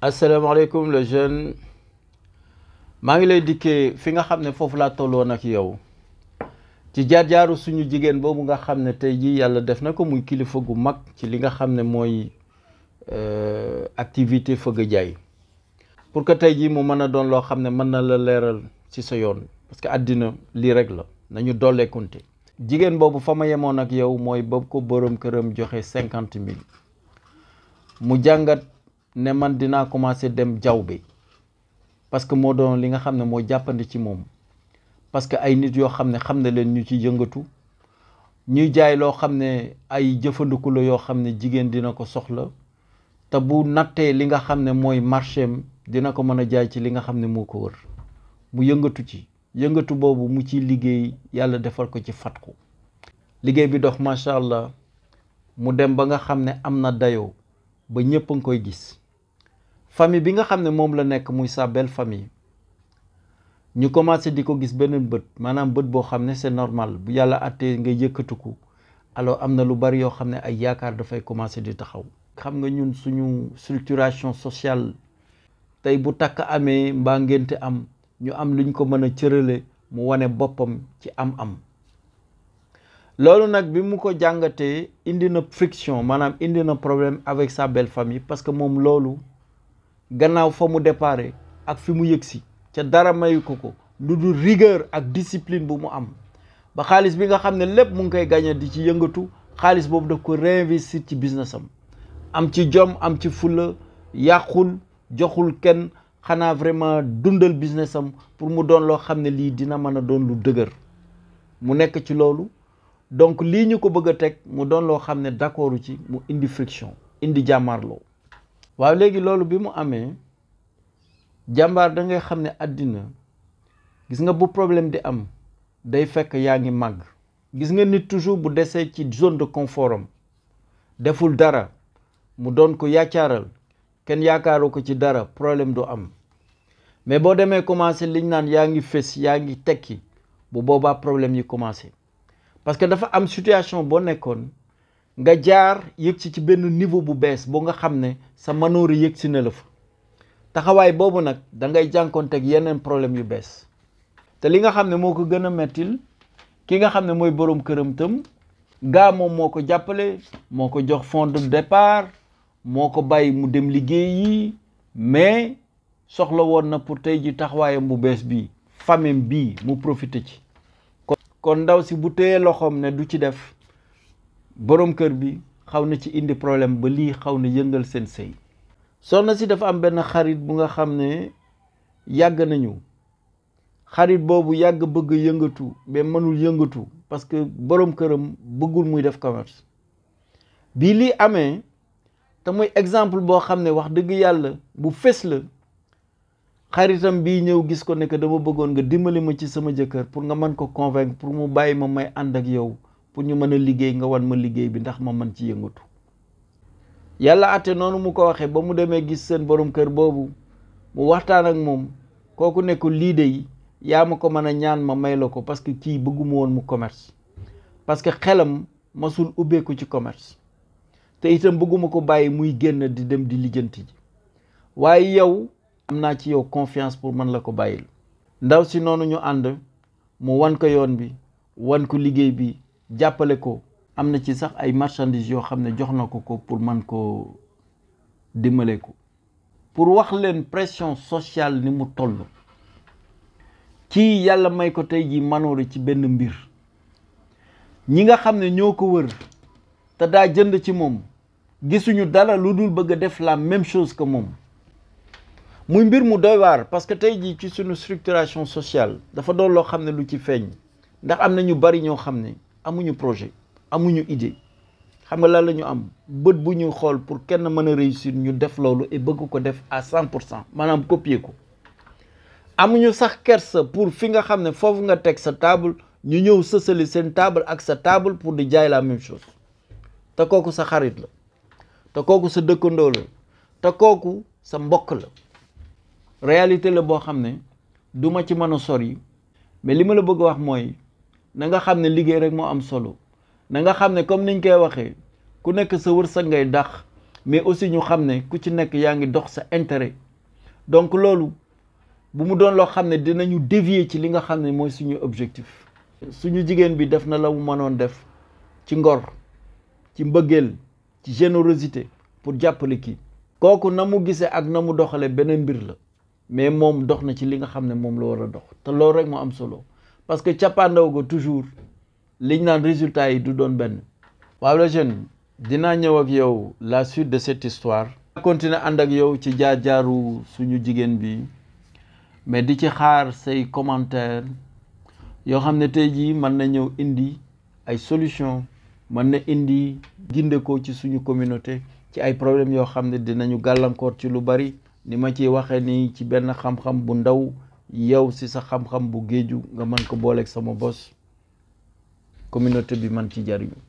asalaamaaleykum le jeune maa ngi lay dikkee fi nga xam ne foofu laa tolloon ak yow ci jaar-jaaru suñu jigéen boobu nga xam ne tey jii yàlla def na ko muy kilifa gu mag ci li nga xam ne mooy euh, activité fëgg jaay pour que tey jii mu mën a doon loo xam ne mën na la leeral ci sa yoon parce que àddina lii rek la nañu dollee kunte jigéen boobu fa ma yemoon ak yow mooy ba ko borom këram joxe cinquante mille mu jàngat. ne man dinaa commencé dem jawbe parce que moo doon li nga xam ne moo jàppandi ci moom parce que ay nit yoo xam ne xam na leen ñu ci yëngatu ñuy jaay loo xam ne ay jëfandiku la yoo xam ne jigéen dina ko soxla te bu nattee li nga xam ne mooy marché am dina ko mën a jaay ci li nga xam ne moo ko wër mu yëngatu ci yëngatu boobu mu ciy liggéey yàlla defal ko ci fatku liggéey bi dox macha allah mu dem ba nga xam ne am na dayoo ba ñëpp a koy gis famille bi nga xam ne moom la nekk muy sa belle famille ñu commencé di ko gis benn bët maanaam bët boo xam ne c'est normal bu yàlla àttee nga yëkkatiku alors am na lu bari yoo xam ne ay yaakaar dafay commencé di taxaw. xam nga ñun suñu structuration sociale tey bu takk amee mbaa ngénte am ñu am luñ ko mën a cërale mu wane boppam ci am-am loolu nag bi mu ko jàngatee indi na friction maanaam indi na problème avec sa belle famille parce que moom loolu. gannaaw fa mu depare ak fi mu yëgsi ca dara mayu ko ko lu dul rigueur ak discipline bu mu am ba xaalis bi nga xam ne lépp mu ngi koy gagné di ci yëngatu xaalis boobu daf ko réinvestir ci business am am ci jom am ci fulla yàqul joxul kenn xanaa vraiment dundal business am pour mu doon loo xam ne lii dina mën a doon lu dëgër mu nekk ci loolu donc lii ñu ko bëgg a teg mu doon loo xam ne d'accordu ci mu indi friction indi jàmmaarloo waaw léegi loolu bi mu amee jàmbaar da ngay xam ne àddina gis nga bu problème di am day fekk yaa ngi màgg gis nga nit toujours bu desee ci zone de confort deful dara mu doon ko yaacaaral kenn yaakaaru ko ci dara problème du am mais boo demee commencé liñ naan yaa ngi fés yaa ngi tekki bu boobaa problème yi commencé parce que dafa am situation boo nekkoon nga jaar yëg si ci benn niveau bu bees bu nga xam ne sa manoor yëg si na la fa taxawaay boobu nag da ngay jànkoonteeg yeneen problème yu bees te li nga xam ne moo ko gën a mettil ki nga xam ne mooy boroom këram tam gaa moom moo ko jàppale moo ko jox fond de départ moo ko bàyyi mu dem liggéey yi mais soxla woon na pour tey ji taxawaayam bu bees bii famem bii mu profité ci kon ndaw si bu téye loxoom ne du ci def borom kër bi xaw na ci indi problème ba lii xaw na yëngal seen sëy soxna si dafa am benn xarit bu nga xam ne yàgg nañu xarit boobu yàgg bëgg yëngatu mais mënul yëngatu parce que boroom këram bëggul muy def commerce bii lii amee te muy exemple boo xam ne wax dëgg yàlla bu fés la xaritam bii ñëw gis ko ne que dama bëggoon nga dimbali ma ci sama jëkkër pour nga mën ko convaincre pour mu bàyyi ma may ànd ak yow pour ñu mën a liggéey nga wan ma liggéey bi ndax ma man ci yëngatu yàlla àtte noonu mu ko waxee ba mu demee gis seen boroom kër boobu mu waxtaan ak moom kooku ne ko lii de yaa ma ko mën a ñaan ma may la ko parce que kii bëgguma woon mu commerce parce que xelam masul ubbeeku ci commerce te itam bëgguma ko bàyyi muy génn di dem di lijjanti ji waaye yow am naa ci yow confiance pour mën la ko bàyyil ndaw si noonu ñu ànd mu wan ko yoon bi wan ko liggéey bi jàppale ko am na ci sax ay marchandises yoo xam ne jox na ko ko pour man koo dimmale ko pour wax leen pression sociale ni mu toll kii yàlla may ko tey ji manoore ci benn mbir ñi nga xam ne ñoo ko wër te daa jënd ci moom gisuñu dara lu dul bëgg a def la même chose que moom muy mbir mu doy waar parce que tey jii ci suñu structuration sociale dafa doon loo xam ne lu ci feeñ ndax am na ñu bari ñoo xam ne amuñu projet amuñu idée xam nga lan la ñu am bët bu ñu xool pour kenn mën a réussir ñu def loolu et bëgg ko def à cent pour cent maanaam copier ko amuñu sax kersa pour fi nga xam ne foofu nga teg sa table ñu ñëw sësali seen table ak sa table pour di jaay la même chose te kooku sa xarit la te kooku sa dëkkandoo la te kooku sa mbokk la réalité la boo xam ne duma ci mën a sori mais li ma la bëgg wax mooy na nga xam ne liggéey rek moo am solo na nga xam ne comme niñ koy waxee ku nekk sa wërsëg ngay dax mais aussi ñu xam ne ku ci nekk yaa ngi dox sa intérêt donc loolu bu mu doon loo xam ne dinañu dévier ci li nga xam ne mooy suñu objectif suñu jigéen bi def na la mu mënoon def ci ngor ci mbëggeel ci générosité pour jàppale kii kooku na mu gisee ak na mu doxalee beneen mbir la mais moom dox na ci li nga xam ne moom la war a dox te loolu rek moo am solo parce que cappaandaw ko toujours liñ naan résultat yi du doon benn waaw la jeune dinaa ñëw ak yow la suite de cette histoire continuer ànd ak yow ci jaar-jaaru suñu jigéen bi mais di ci xaar say commentaire yoo xam ne tey jii mën na ñëw indi ay solution mën na indi gindee ko ci suñu communauté ci ay problèmes yoo xam ne dinañu gàllankoor ci lu bari ni ma ci waxee nii ci benn xam-xam bu ndaw yow si sa xam-xam bu géeju nga mën ko booleeg sama bos communauté bi man ci jariñu